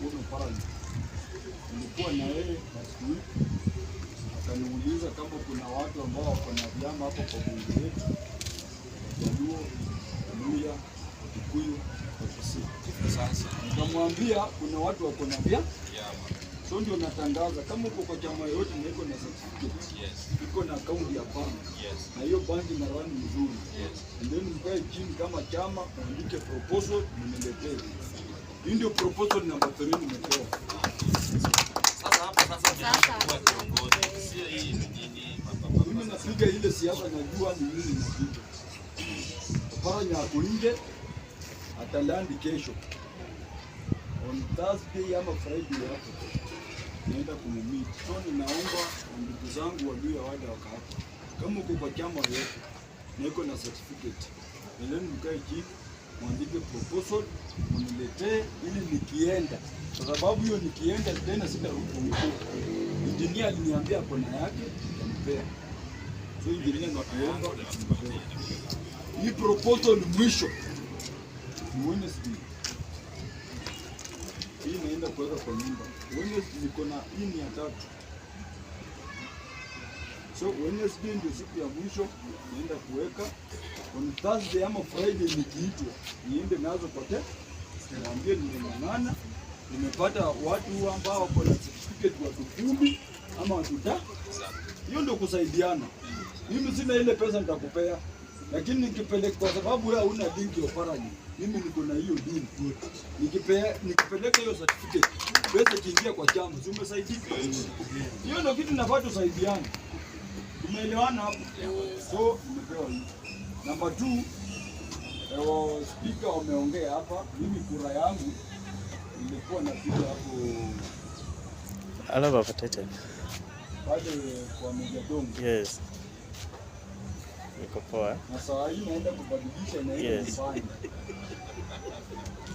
kuona pale, nilikuwa na yeye basi, akaniuliza kama kuna watu ambao wako na vyama hapo kwa bunge yetu, Jaluo, Luya, Kikuyu, Wakisii. Sasa nikamwambia kuna watu wako na vyama so ndio natangaza kama uko kwa chama yoyote na iko na certificate yes. iko na akaunti ya bank yes. na hiyo bank ina rani mzuri yes. and then mkae chini kama chama, andike proposal mniletee hii ndio proposal namba 3 nimetoa. Sasa hapa sasa tunachukua Mimi napiga ile siasa, najua ni nini napiga. Para nyako atalandi kesho. On Thursday ama Friday hapo. Naenda kumumii. So ninaomba ndugu zangu wajue wada wakati. Kama uko kwa chama yetu, niko na certificate. Nileni mkae chini mwandike proposal mniletee, ili nikienda, kwa sababu hiyo nikienda tena sitarudi huko. Injinia aliniambia kona yake nitampea. So injinia nakuomba hii proposal ni mwisho, Wednesday hii naenda kuweka kwa nyumba. Wednesday niko na hii ni tatu So Wednesday ndio siku ya mwisho naenda kuweka. On Thursday ama Friday nikiitwa niende nazo kote, niwaambie nimeng'ang'ana, nimepata watu ambao wako na certificate watu kumi ama watu ta. Hiyo ndio kusaidiana. Mimi sina ile pesa nitakupea, lakini nikipeleka, kwa sababu wewe huna ya faraji, mimi niko na hiyo dini tu. Nikipea nikipeleka hiyo certificate, pesa kiingia kwa chama, umesaidika. Hiyo ndio kitu nafaa tusaidiane. Tumeelewana hapo. So umepewa eh, hii. speaker wameongea hapa. Mimi kura yangu ilikuwa hapo Alaba Patete. Pale kwa Meja Yes. Niko poa. Na saa hii naenda kubadilisha na hiyo yes.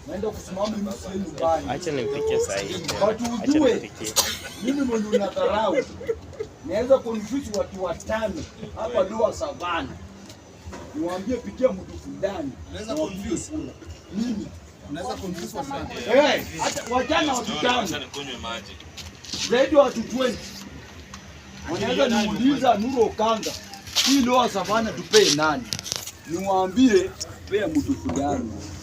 Naenda kusimama mimi si nyumbani. Acha nimpikie sasa hivi. Watu ujue. Mimi mwenye unadharau naweza kunishuti watu watano hapa doa savana, niwaambie pikia mtu fulani, naweza confuse mimi, naweza hata wajana watu tano zaidi watu 20 wanaweza niuliza Nuru Okanga, hii doa savana tupee nani? Niwaambie pea mtu fulani.